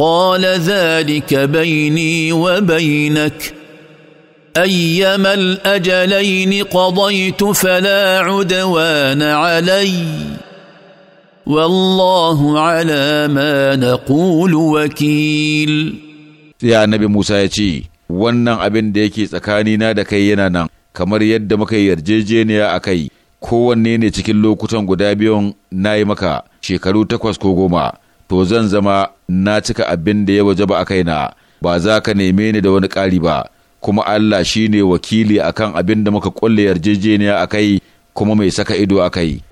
قال ذلك بيني وبينك ايما الاجلين قضيت فلا عدوان علي والله على ما نقول وكيل يا نبي موسى يجي wannan abin da yake tsakanina da kai yana nan kamar yadda muka yi yarjejeniya a kai kowanne ne cikin lokutan guda biyun na yi maka shekaru takwas ko goma to zan zama na cika abin da ya waje ba a kaina ba za ka neme ni da wani ƙari ba kuma Allah shi ne wakili akan abin da muka ƙulle yarjejeniya a kai kuma mai saka ido a kai